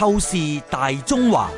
透視大中華，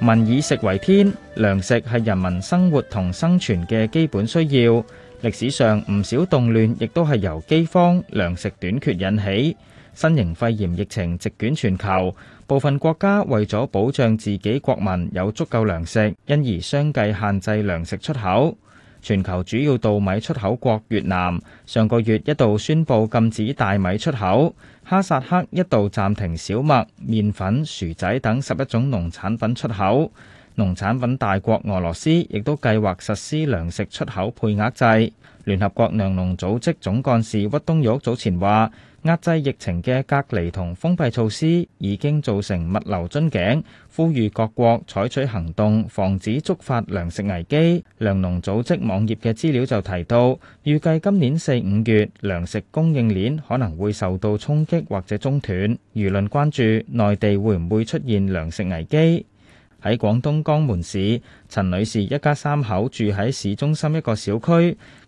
民以食為天，糧食係人民生活同生存嘅基本需要。歷史上唔少動亂亦都係由饑荒、糧食短缺引起。新型肺炎疫情席捲全球，部分國家為咗保障自己國民有足夠糧食，因而相繼限制糧食出口。全球主要稻米出口國越南上個月一度宣布禁止大米出口，哈薩克一度暫停小麥、麵粉、薯仔等十一種農產品出口，農產品大國俄羅斯亦都計劃實施糧食出口配額制。聯合國糧農組織總幹事屈冬玉早前話。遏制疫情嘅隔離同封閉措施已經造成物流樽頸，呼籲各國採取行動防止觸發糧食危機。糧農組織網頁嘅資料就提到，預計今年四五月糧食供應鏈可能會受到衝擊或者中斷。輿論關注內地會唔會出現糧食危機。喺廣東江門市，陳女士一家三口住喺市中心一個小區。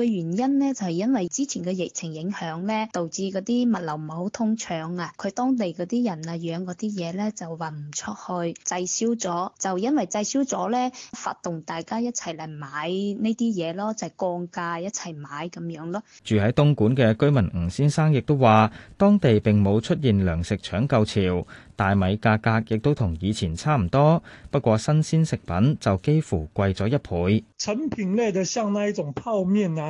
嘅原因呢就係因為之前嘅疫情影響呢，導致嗰啲物流唔係好通暢啊。佢當地嗰啲人啊，養嗰啲嘢呢，就運唔出去，滯銷咗。就因為滯銷咗呢，發動大家一齊嚟買呢啲嘢咯，就係降價一齊買咁樣咯。住喺東莞嘅居民吳先生亦都話，當地並冇出現糧食搶購潮，大米價格亦都同以前差唔多，不過新鮮食品就幾乎貴咗一倍。成品類就像那一種泡麵啊。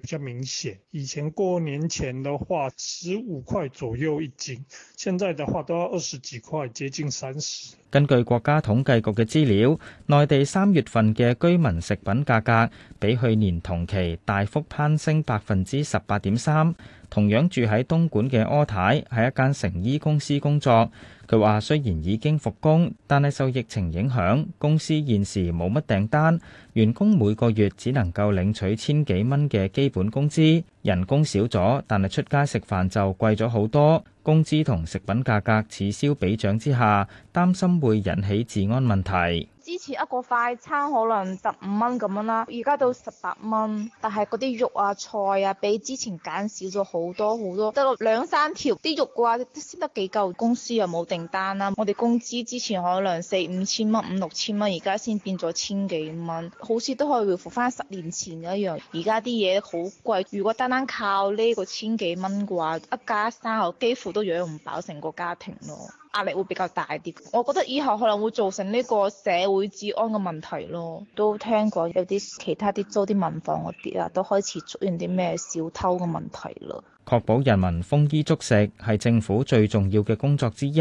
比較明顯，以前過年前的話，十五塊左右一斤，現在的話都要二十幾塊，接近三十。根據國家統計局嘅資料，內地三月份嘅居民食品價格比去年同期大幅攀升百分之十八點三。同樣住喺東莞嘅柯太喺一間成衣公司工作，佢話雖然已經復工，但係受疫情影響，公司現時冇乜訂單，員工每個月只能夠領取千幾蚊嘅基本工資。人工少咗，但係出街食飯就貴咗好多。工資同食品價格此消彼長之下，擔心會引起治安問題。之前一個快餐可能十五蚊咁樣啦，而家到十八蚊，但係嗰啲肉啊、菜啊，比之前減少咗好多好多，得兩三條。啲肉嘅話先得幾嚿，公司又冇訂單啦。我哋工資之前可能四五千蚊、五六千蚊，而家先變咗千幾蚊，好似都可以回復翻十年前一樣。而家啲嘢好貴，如果單單靠呢個千幾蚊嘅話，一家三口幾乎都養唔飽成個家庭咯。壓力會比較大啲，我覺得以後可能會造成呢個社會治安嘅問題咯。都聽過有啲其他啲租啲民房嗰啲啊，都開始出現啲咩小偷嘅問題啦。確保人民豐衣足食係政府最重要嘅工作之一。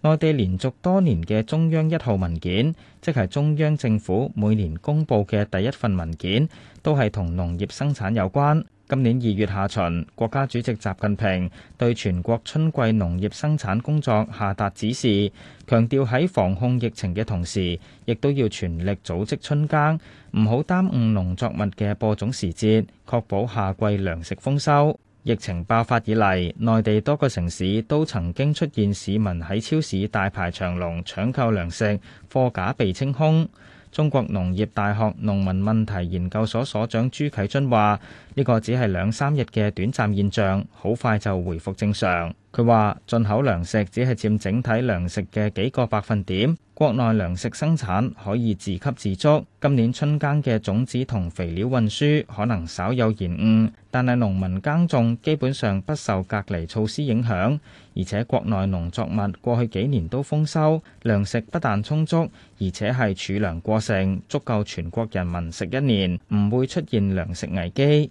內地連續多年嘅中央一號文件，即係中央政府每年公布嘅第一份文件，都係同農業生產有關。今年二月下旬，國家主席習近平對全國春季農業生產工作下達指示，強調喺防控疫情嘅同時，亦都要全力組織春耕，唔好耽誤農作物嘅播種時節，確保夏季糧食豐收。疫情爆發以嚟，內地多個城市都曾經出現市民喺超市大排長龍搶購糧食，貨架被清空。中國農業大學農民問題研究所所長朱啟津話。呢個只係兩三日嘅短暫現象，好快就回復正常。佢話進口糧食只係佔整體糧食嘅幾個百分點，國內糧食生產可以自給自足。今年春耕嘅種子同肥料運輸可能稍有延誤，但係農民耕種基本上不受隔離措施影響，而且國內農作物過去幾年都豐收，糧食不但充足，而且係儲糧過剩，足夠全國人民食一年，唔會出現糧食危機。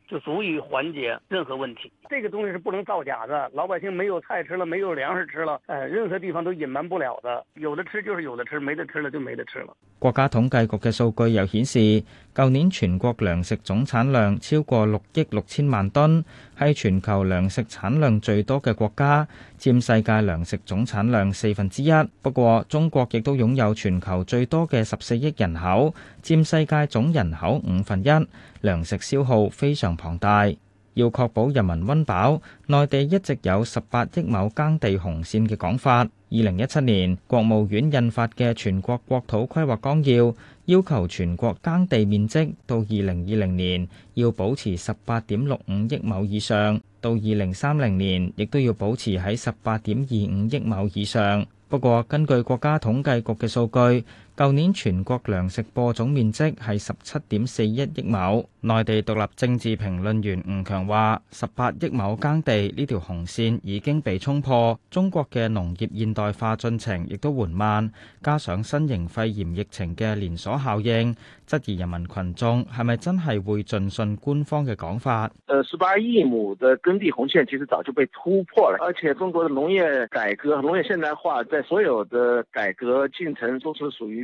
就足以緩解任何問題。這個東西是不能造假的。老百姓沒有菜吃了，沒有糧食吃了，呃，任何地方都隱瞞不了的。有的吃就是有的吃，沒得吃了就沒得吃了。國家統計局嘅數據又顯示，舊年全國糧食總產量超過六億六千萬噸，係全球糧食產量最多嘅國家，佔世界糧食總產量四分之一。不過，中國亦都擁有全球最多嘅十四億人口。佔世界總人口五分一，糧食消耗非常龐大，要確保人民温飽。內地一直有十八億畝耕地紅線嘅講法。二零一七年，國務院印發嘅全國國土規劃綱要，要求全國耕地面積到二零二零年要保持十八點六五億畝以上，到二零三零年亦都要保持喺十八點二五億畝以上。不過，根據國家統計局嘅數據，舊年全國糧食播種面積係十七點四一億畝。內地獨立政治評論員吳強話，十八億畝耕地呢條紅線已經被衝破。中國嘅農業現代化進程亦都緩慢，加上新型肺炎疫情嘅連鎖效應，質疑人民群眾係咪真係會盡信官方嘅講法？十八億畝嘅耕地紅線其實早就被突破了，而且中國嘅農業改革、農業現代化，在所有嘅改革進程都是屬於。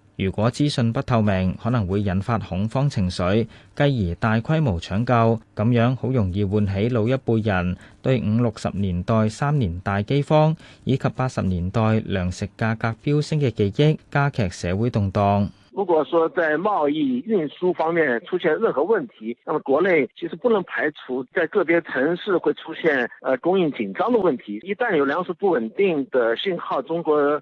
如果資訊不透明，可能會引發恐慌情緒，繼而大規模搶購，咁樣好容易喚起老一輩人對五六十年代三年大饑荒以及八十年代糧食價格飆升嘅記憶，加劇社會動盪。如果說在貿易運輸方面出現任何問題，那麼國內其實不能排除在個別城市會出現呃供應緊張嘅問題。一旦有糧食不穩定的信號，中國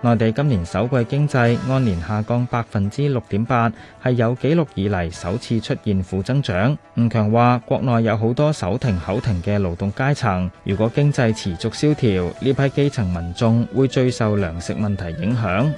內地今年首季經濟按年下降百分之六點八，係有紀錄以嚟首次出現負增長。吳強話：國內有好多手停口停嘅勞動階層，如果經濟持續蕭條，呢批基層民眾會最受糧食問題影響。